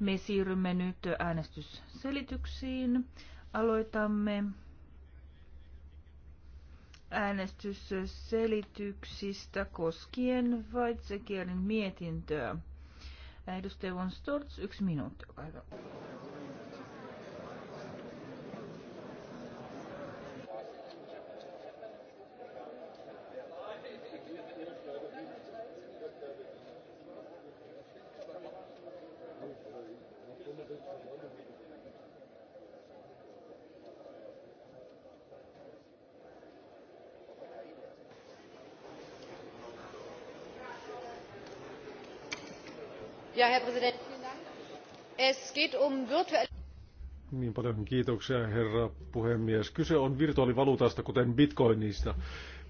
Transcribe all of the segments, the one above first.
Me siirrymme nyt äänestysselityksiin. Aloitamme äänestysselityksistä koskien Weizsäkierin mietintöä. Edustaja Von Storz, yksi minuutti, olkaa hyvä. herr präsident! es geht um virtuelle. Niin paljon kiitoksia, herra puhemies. Kyse on virtuaalivaluutasta, kuten bitcoinista.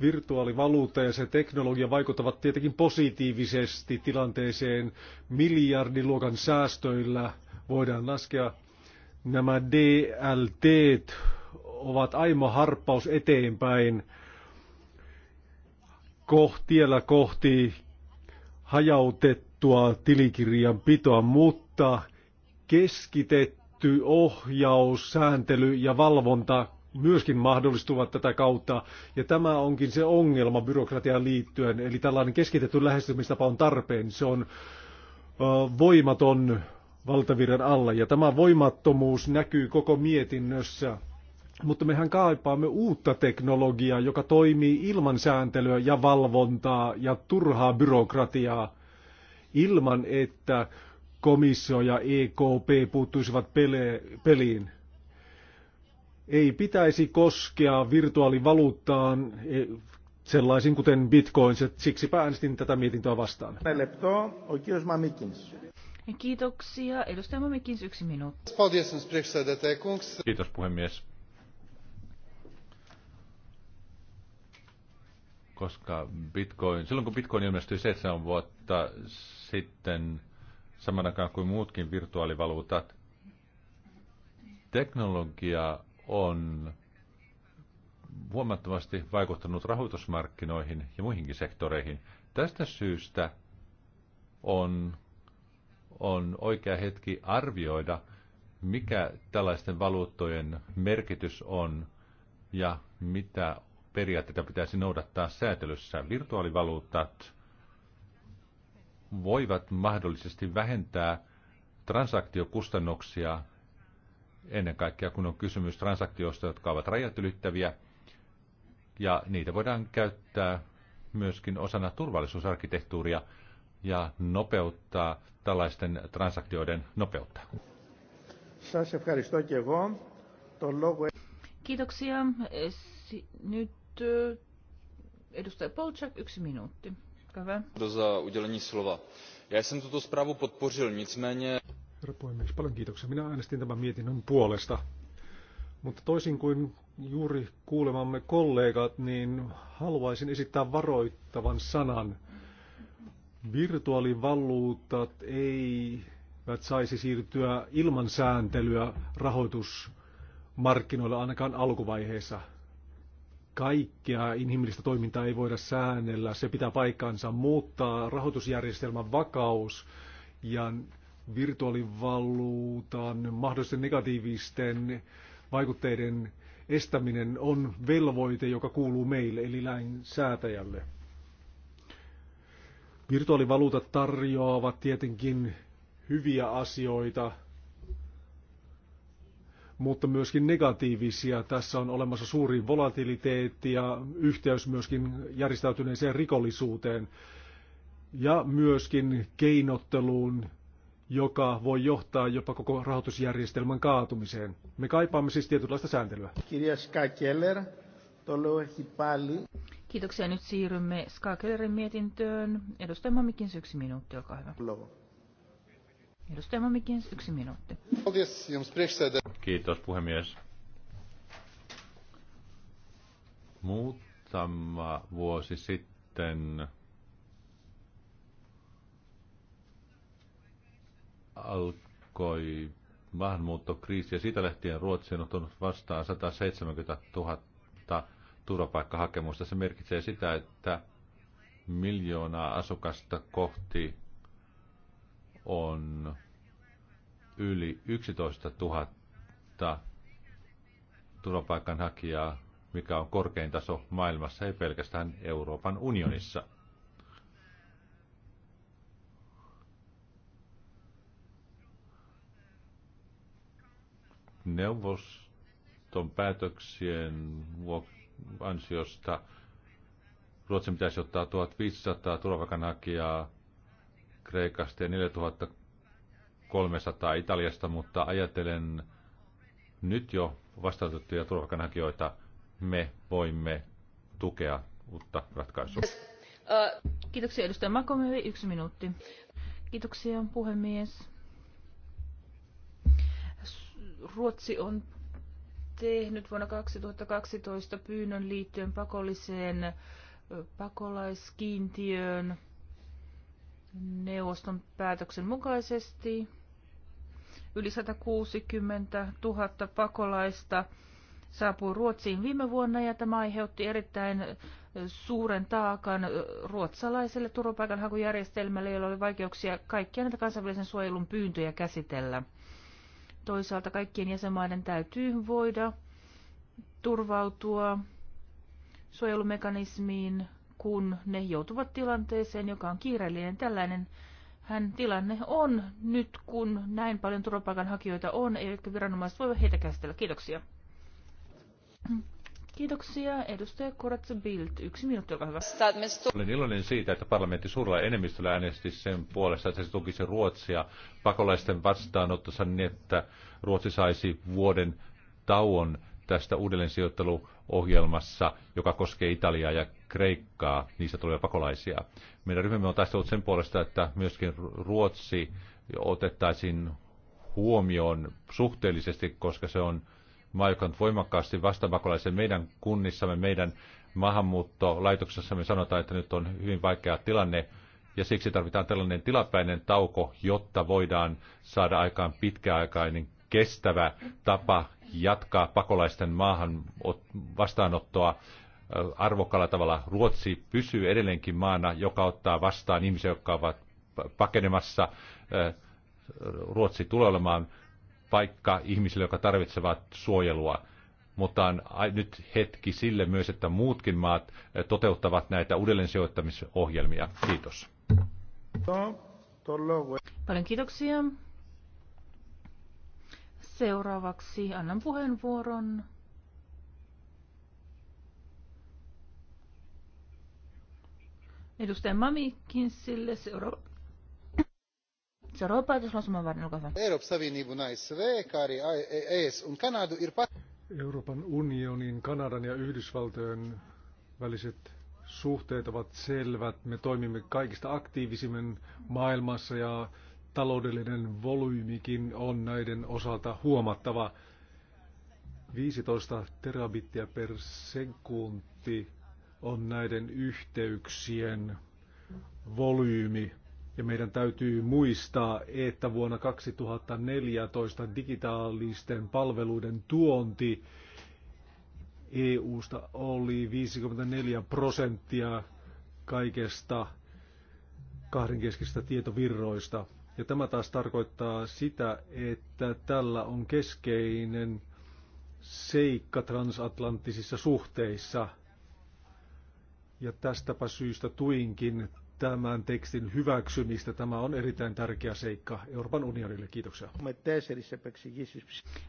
Virtuaalivaluutta ja se teknologia vaikuttavat tietenkin positiivisesti tilanteeseen. Miljardiluokan säästöillä voidaan laskea. Nämä DLT ovat aimo harppaus eteenpäin kohti, kohti hajautettua jaettua tilikirjan pitoa, mutta keskitetty ohjaus, sääntely ja valvonta myöskin mahdollistuvat tätä kautta. Ja tämä onkin se ongelma byrokratiaan liittyen. Eli tällainen keskitetty lähestymistapa on tarpeen. Se on voimaton valtavirran alla. Ja tämä voimattomuus näkyy koko mietinnössä. Mutta mehän kaipaamme uutta teknologiaa, joka toimii ilman sääntelyä ja valvontaa ja turhaa byrokratiaa ilman, että komissio ja EKP puuttuisivat peliin. Ei pitäisi koskea virtuaalivaluuttaan e, sellaisin kuten bitcoin, siksi äänestin tätä mietintöä vastaan. Kiitoksia. Edustaja Mamikins, yksi minuutti. Kiitos puhemies. koska Bitcoin, silloin kun Bitcoin ilmestyi 7 vuotta sitten, saman aikaan kuin muutkin virtuaalivaluutat, teknologia on huomattavasti vaikuttanut rahoitusmarkkinoihin ja muihinkin sektoreihin. Tästä syystä on, on oikea hetki arvioida, mikä tällaisten valuuttojen merkitys on ja mitä periaatteita pitäisi noudattaa säätelyssä. Virtuaalivaluutat voivat mahdollisesti vähentää transaktiokustannuksia ennen kaikkea, kun on kysymys transaktioista, jotka ovat rajat ylittäviä, ja niitä voidaan käyttää myöskin osana turvallisuusarkkitehtuuria ja nopeuttaa tällaisten transaktioiden nopeutta. Kiitoksia. Nyt edustaja Polčak, yksi minuutti. Hyvä. za udělení slova. jsem tuto zprávu podpořil, nicméně... Herra puhemies, paljon kiitoksia. Minä äänestin tämän mietinnön puolesta. Mutta toisin kuin juuri kuulemamme kollegat, niin haluaisin esittää varoittavan sanan. Virtuaalivaluutat eivät saisi siirtyä ilman sääntelyä rahoitusmarkkinoille ainakaan alkuvaiheessa kaikkea inhimillistä toimintaa ei voida säännellä, se pitää paikkansa, muuttaa. rahoitusjärjestelmän vakaus ja virtuaalivaluutan mahdollisten negatiivisten vaikutteiden estäminen on velvoite, joka kuuluu meille, eli lainsäätäjälle. Virtuaalivaluutat tarjoavat tietenkin hyviä asioita, mutta myöskin negatiivisia. Tässä on olemassa suuri volatiliteetti ja yhteys myöskin järjestäytyneeseen rikollisuuteen ja myöskin keinotteluun, joka voi johtaa jopa koko rahoitusjärjestelmän kaatumiseen. Me kaipaamme siis tietynlaista sääntelyä. Keller, Kiitoksia. Nyt siirrymme Skakellerin mietintöön. Edustaja Mamikin syksy minuutti, olkaa hyvä. Lovo. Edustaja Mamikins, yksi minuutti. Kiitos puhemies. Muutama vuosi sitten alkoi maahanmuuttokriisi ja siitä lähtien Ruotsi on ottanut vastaan 170 000 turvapaikkahakemusta. Se merkitsee sitä, että miljoonaa asukasta kohti on yli 11 000 turvapaikanhakijaa, mikä on korkein taso maailmassa, ei pelkästään Euroopan unionissa. Neuvoston päätöksien ansiosta Ruotsin pitäisi ottaa 1500 turvapaikanhakijaa Kreikasta ja 4300 Italiasta, mutta ajatelen nyt jo vastaanotettuja turvapaikanhakijoita, me voimme tukea uutta ratkaisua. Kiitoksia edustaja Makomeli. yksi minuutti. Kiitoksia puhemies. Ruotsi on tehnyt vuonna 2012 pyynnön liittyen pakolliseen pakolaiskiintiöön neuvoston päätöksen mukaisesti yli 160 000 pakolaista saapui Ruotsiin viime vuonna ja tämä aiheutti erittäin suuren taakan ruotsalaiselle turvapaikanhakujärjestelmälle, jolla oli vaikeuksia kaikkia näitä kansainvälisen suojelun pyyntöjä käsitellä. Toisaalta kaikkien jäsenmaiden täytyy voida turvautua suojelumekanismiin kun ne joutuvat tilanteeseen, joka on kiireellinen. Tällainen hän tilanne on nyt, kun näin paljon turvapaikanhakijoita on, eikä viranomaiset voi heitä käsitellä. Kiitoksia. Kiitoksia. Edustaja Koratsa Bild. Yksi minuutti, olkaa hyvä. Olen iloinen siitä, että parlamentti suurella enemmistöllä äänesti sen puolesta, että se tukisi Ruotsia pakolaisten vastaanottossa niin, että Ruotsi saisi vuoden tauon tästä uudelleensijoittelu ohjelmassa, joka koskee Italiaa ja Kreikkaa, niistä tulee pakolaisia. Meidän ryhmämme on taistellut sen puolesta, että myöskin Ruotsi otettaisiin huomioon suhteellisesti, koska se on maa, joka on voimakkaasti vastapakolaisen meidän kunnissamme, meidän maahanmuuttolaitoksessamme sanotaan, että nyt on hyvin vaikea tilanne, ja siksi tarvitaan tällainen tilapäinen tauko, jotta voidaan saada aikaan pitkäaikainen kestävä tapa jatkaa pakolaisten maahan vastaanottoa arvokkaalla tavalla. Ruotsi pysyy edelleenkin maana, joka ottaa vastaan ihmisiä, jotka ovat pakenemassa. Ruotsi tulee olemaan paikka ihmisille, jotka tarvitsevat suojelua. Mutta on nyt hetki sille myös, että muutkin maat toteuttavat näitä uudelleensijoittamisohjelmia. Kiitos. No, Paljon kiitoksia. Seuraavaksi annan puheenvuoron edustaja Mami Kinsille. Seuraava, seuraava olkaa hyvä. Euroopan unionin, Kanadan ja Yhdysvaltojen väliset suhteet ovat selvät. Me toimimme kaikista aktiivisimmin maailmassa ja taloudellinen volyymikin on näiden osalta huomattava. 15 terabittiä per sekunti on näiden yhteyksien volyymi. Ja meidän täytyy muistaa, että vuonna 2014 digitaalisten palveluiden tuonti EUsta oli 54 prosenttia kaikesta kahdenkeskisistä tietovirroista. Ja tämä taas tarkoittaa sitä, että tällä on keskeinen seikka transatlanttisissa suhteissa. Ja tästäpä syystä tuinkin tämän tekstin hyväksymistä. Tämä on erittäin tärkeä seikka Euroopan unionille. Kiitoksia.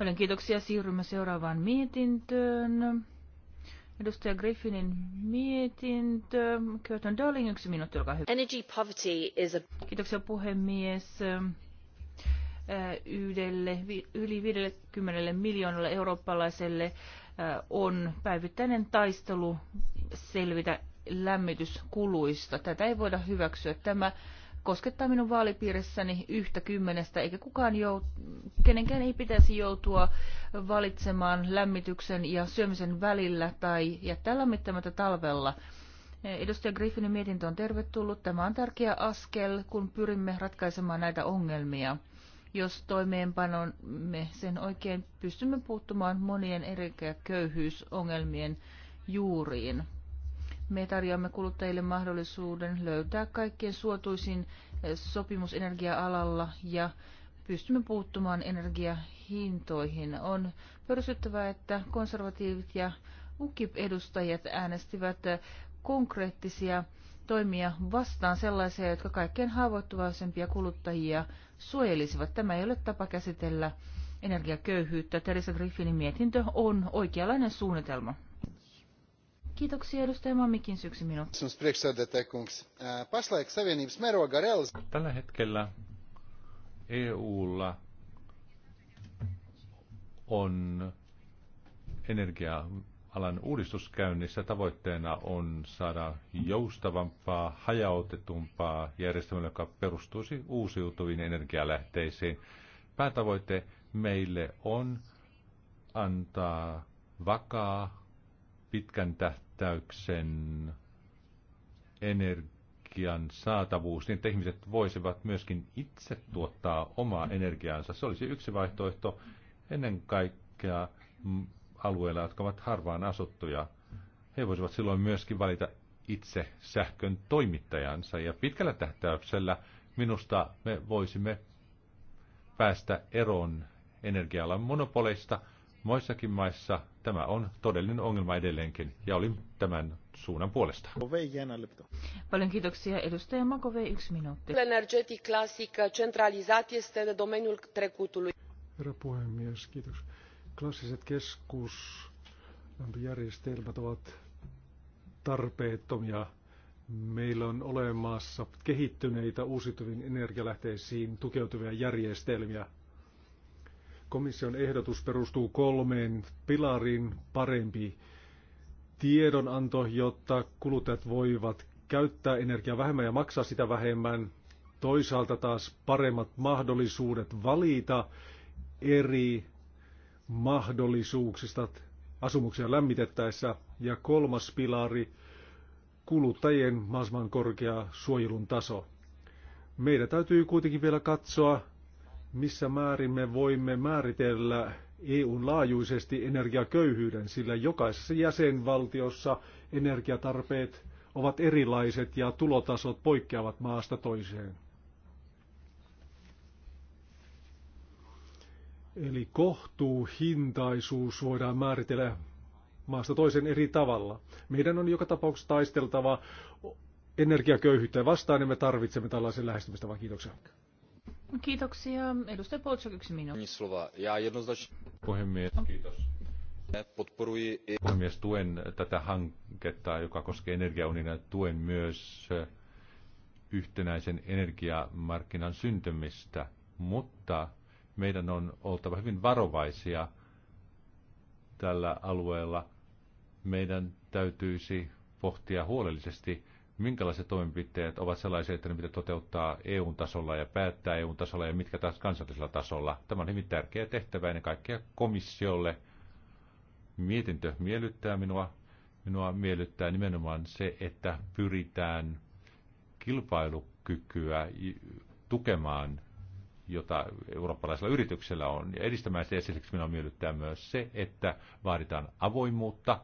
Olen kiitoksia. Siirrymme seuraavaan mietintöön. Edustaja Griffinin mietintö. Kyoton Darling, yksi minuutti, olkaa hyvä. Energy poverty is a... Kiitoksia puhemies. Äh, yhdelle, yli 50 miljoonalle eurooppalaiselle äh, on päivittäinen taistelu selvitä lämmityskuluista. Tätä ei voida hyväksyä. Tämä koskettaa minun vaalipiirissäni yhtä kymmenestä, eikä kukaan jout, kenenkään ei pitäisi joutua valitsemaan lämmityksen ja syömisen välillä tai jättää lämmittämättä talvella. Edustaja Griffinin mietintö on tervetullut. Tämä on tärkeä askel, kun pyrimme ratkaisemaan näitä ongelmia. Jos toimeenpanomme sen oikein, pystymme puuttumaan monien eri köyhyysongelmien juuriin. Me tarjoamme kuluttajille mahdollisuuden löytää kaikkien suotuisin eh, sopimus energia-alalla ja pystymme puuttumaan energiahintoihin. On pörsyttävää, että konservatiivit ja UKIP-edustajat äänestivät eh, konkreettisia toimia vastaan sellaisia, jotka kaikkein haavoittuvaisempia kuluttajia suojelisivat. Tämä ei ole tapa käsitellä energiaköyhyyttä. Teresa Griffinin mietintö on oikeanlainen suunnitelma. Kiitoksia edustaja Mammikin syksy minuutti. Tällä hetkellä EUlla on energia-alan uudistus käynnissä. Tavoitteena on saada joustavampaa, hajautetumpaa järjestelmää, joka perustuisi uusiutuviin energialähteisiin. Päätavoite meille on antaa vakaa, pitkän tähtäyksen energian saatavuus, niin että ihmiset voisivat myöskin itse tuottaa omaa energiaansa. Se olisi yksi vaihtoehto ennen kaikkea alueilla, jotka ovat harvaan asuttuja. He voisivat silloin myöskin valita itse sähkön toimittajansa. Ja pitkällä tähtäyksellä minusta me voisimme päästä eroon energialan monopoleista, Moissakin maissa tämä on todellinen ongelma edelleenkin, ja olin tämän suunnan puolesta. Paljon kiitoksia. Edustaja Makove, yksi minuutti. Energetic classic centralizat este de domeniul trecutului. Herra puhemies, kiitos. Klassiset keskuslämpöjärjestelmät ovat tarpeettomia. Meillä on olemassa kehittyneitä uusiutuviin energialähteisiin tukeutuvia järjestelmiä – Komission ehdotus perustuu kolmeen pilariin parempi tiedonanto, jotta kuluttajat voivat käyttää energiaa vähemmän ja maksaa sitä vähemmän. Toisaalta taas paremmat mahdollisuudet valita eri mahdollisuuksista asumuksia lämmitettäessä. Ja kolmas pilari, kuluttajien mahdollisimman korkea suojelun taso. Meidän täytyy kuitenkin vielä katsoa, missä määrin me voimme määritellä EUn laajuisesti energiaköyhyyden, sillä jokaisessa jäsenvaltiossa energiatarpeet ovat erilaiset ja tulotasot poikkeavat maasta toiseen. Eli kohtuuhintaisuus voidaan määritellä maasta toisen eri tavalla. Meidän on joka tapauksessa taisteltava energiaköyhyyttä vastaan ja me tarvitsemme tällaisen lähestymistavan. Kiitoksia. Kiitoksia. Edustaja Polčak, yksi minuutti. Ja jednoznačně... Puhemies, kiitos. Podporui... Puhemies, tuen tätä hanketta, joka koskee energiaunionia. Tuen myös yhtenäisen energiamarkkinan syntymistä, mutta meidän on oltava hyvin varovaisia tällä alueella. Meidän täytyisi pohtia huolellisesti – minkälaiset toimenpiteet ovat sellaisia, että ne pitää toteuttaa EU-tasolla ja päättää EU-tasolla ja mitkä taas kansallisella tasolla. Tämä on hyvin tärkeä tehtävä ennen kaikkea komissiolle. Mietintö miellyttää minua. Minua miellyttää nimenomaan se, että pyritään kilpailukykyä tukemaan, jota eurooppalaisella yrityksillä on, ja edistämään se esimerkiksi minua miellyttää myös se, että vaaditaan avoimuutta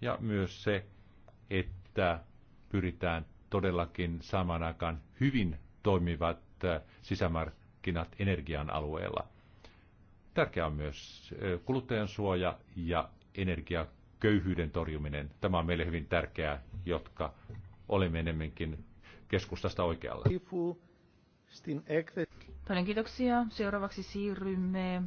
ja myös se, että pyritään todellakin saamaan aikaan hyvin toimivat äh, sisämarkkinat energian alueella. Tärkeää on myös äh, kuluttajan suoja ja energiaköyhyyden torjuminen. Tämä on meille hyvin tärkeää, jotka olemme enemmänkin keskustasta oikealla. Paljon kiitoksia. Seuraavaksi siirrymme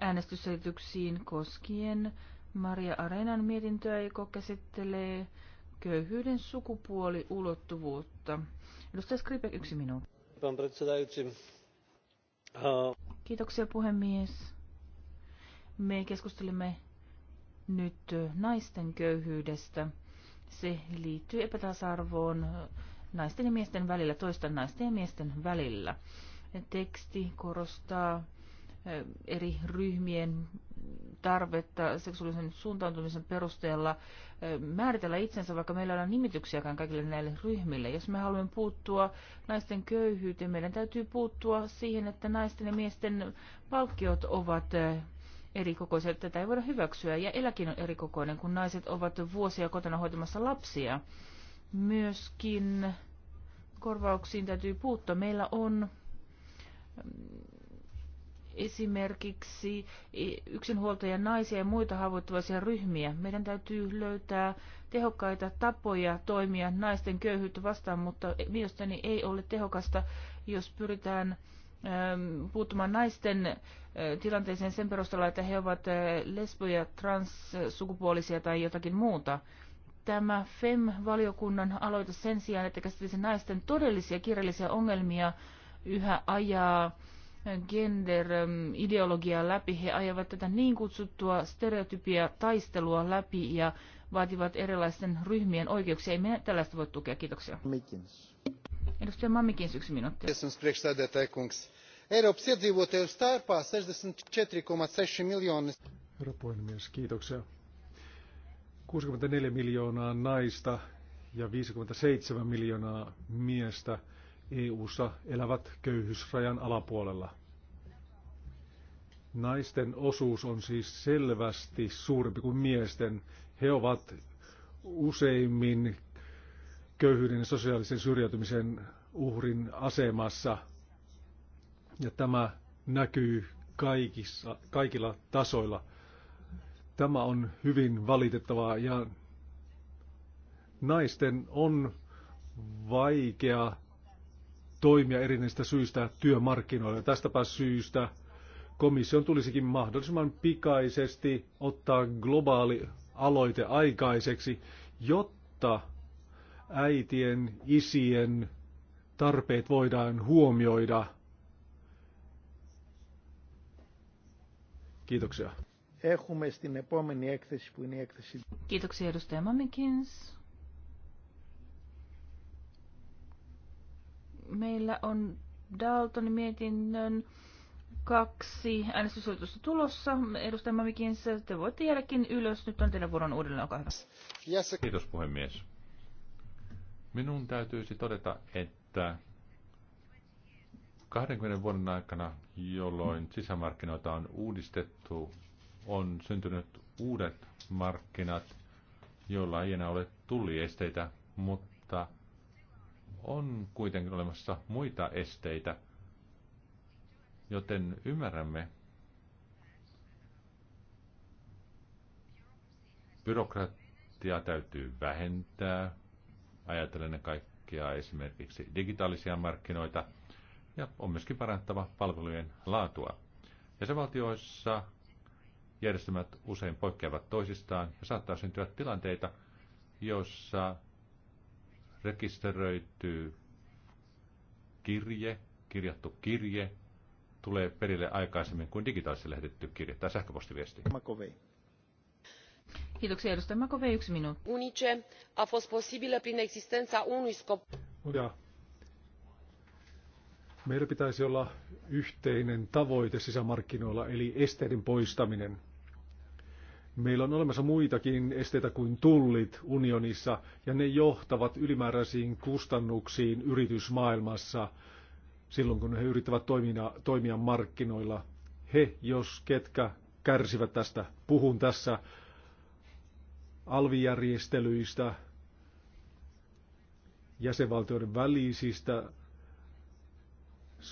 äänestysselityksiin koskien Maria Areenan mietintöä, joka käsittelee köyhyyden sukupuoliulottuvuutta. Edustaja Skripe, yksi minuutti. Kiitoksia puhemies. Me keskustelimme nyt naisten köyhyydestä. Se liittyy epätasa-arvoon naisten ja miesten välillä, toisten naisten ja miesten välillä. Teksti korostaa eri ryhmien tarvetta seksuaalisen suuntautumisen perusteella määritellä itsensä, vaikka meillä ei ole nimityksiäkään kaikille näille ryhmille. Jos me haluamme puuttua naisten köyhyyteen, meidän täytyy puuttua siihen, että naisten ja miesten palkkiot ovat eri kokoisia. Tätä ei voida hyväksyä ja eläkin on eri kokoinen, kun naiset ovat vuosia kotona hoitamassa lapsia. Myöskin korvauksiin täytyy puuttua. Meillä on esimerkiksi yksinhuoltajia, naisia ja muita haavoittuvaisia ryhmiä. Meidän täytyy löytää tehokkaita tapoja toimia naisten köyhyyttä vastaan, mutta mielestäni ei ole tehokasta, jos pyritään ähm, puuttumaan naisten äh, tilanteeseen sen perusteella, että he ovat äh, lesboja, transsukupuolisia tai jotakin muuta. Tämä FEM-valiokunnan aloite sen sijaan, että käsittelisi naisten todellisia kirjallisia ongelmia, yhä ajaa gender-ideologiaa ähm, läpi. He ajavat tätä niin kutsuttua stereotypia taistelua läpi ja vaativat erilaisten ryhmien oikeuksia. Ei me tällaista voi tukea. Kiitoksia. Mikins. Edustaja Mammikins, yksi minuutti. 64,6 Herra puhemies, kiitoksia. 64 miljoonaa naista ja 57 miljoonaa miestä – EU:ssa elävät köyhyysrajan alapuolella. Naisten osuus on siis selvästi suurempi kuin miesten. He ovat useimmin köyhyyden ja sosiaalisen syrjäytymisen uhrin asemassa. Ja tämä näkyy kaikissa, kaikilla tasoilla. Tämä on hyvin valitettavaa ja naisten on vaikea toimia erinäisistä syistä työmarkkinoilla. Tästäpä syystä komission tulisikin mahdollisimman pikaisesti ottaa globaali aloite aikaiseksi, jotta äitien, isien tarpeet voidaan huomioida. Kiitoksia. Kiitoksia edustaja Mamikins. Meillä on Daltonin mietinnön kaksi äänestysoitusta tulossa. Edustaja Mamikins, te voitte jäädäkin ylös. Nyt on teidän vuoron uudelleen, olkaa hyvä. Kiitos puhemies. Minun täytyisi todeta, että 20 vuoden aikana, jolloin sisämarkkinoita on uudistettu, on syntynyt uudet markkinat, joilla ei enää ole tulliesteitä, mutta on kuitenkin olemassa muita esteitä, joten ymmärrämme byrokratiaa täytyy vähentää. Ajatellen kaikkia esimerkiksi digitaalisia markkinoita. Ja on myöskin parantava palvelujen laatua. Jäsenvaltioissa järjestelmät usein poikkeavat toisistaan ja saattaa syntyä tilanteita, joissa rekisteröity kirje, kirjattu kirje, tulee perille aikaisemmin kuin digitaalisesti lähetetty kirje tai sähköpostiviesti. Makovei. Kiitoksia edustaja Makovei, yksi minuutti. Unice a fost posibilă prin existența unui scop. Ja. Meillä pitäisi olla yhteinen tavoite sisämarkkinoilla, eli esteiden poistaminen. Meillä on olemassa muitakin esteitä kuin tullit unionissa, ja ne johtavat ylimääräisiin kustannuksiin yritysmaailmassa silloin, kun he yrittävät toimia, toimia markkinoilla. He, jos ketkä, kärsivät tästä. Puhun tässä alvijärjestelyistä, jäsenvaltioiden välisistä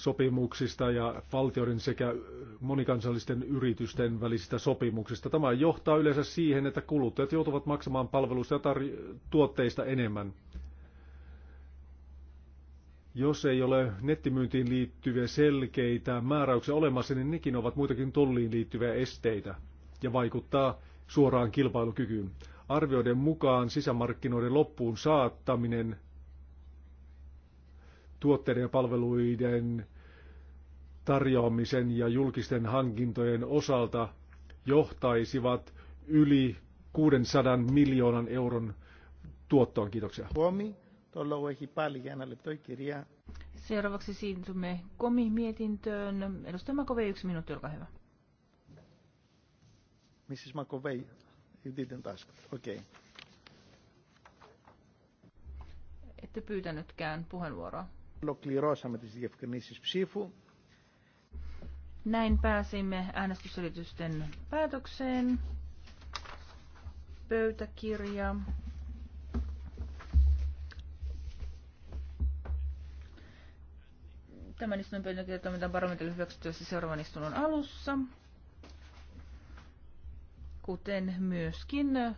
sopimuksista ja valtioiden sekä monikansallisten yritysten välisistä sopimuksista. Tämä johtaa yleensä siihen, että kuluttajat joutuvat maksamaan palveluista ja tuotteista enemmän. Jos ei ole nettimyyntiin liittyviä selkeitä määräyksiä olemassa, niin nekin ovat muitakin tolliin liittyviä esteitä ja vaikuttaa suoraan kilpailukykyyn. Arvioiden mukaan sisämarkkinoiden loppuun saattaminen tuotteiden ja palveluiden tarjoamisen ja julkisten hankintojen osalta johtaisivat yli 600 miljoonan euron tuottoon. Kiitoksia. Seuraavaksi siirrymme komi-mietintöön. Edustaja Makovei, yksi minuutti, olkaa hyvä. Mrs. Makovei, you didn't ask. Okay. Ette pyytänytkään puheenvuoroa. Ολοκληρώσαμε τις διευκρινήσεις ψήφου. Näin pääsimme äänestysselitysten päätökseen. Pöytäkirja. Tämän istunnon pöytäkirja toimitaan parlamentin hyväksytyssä seuraavan istunnon alussa, kuten myöskin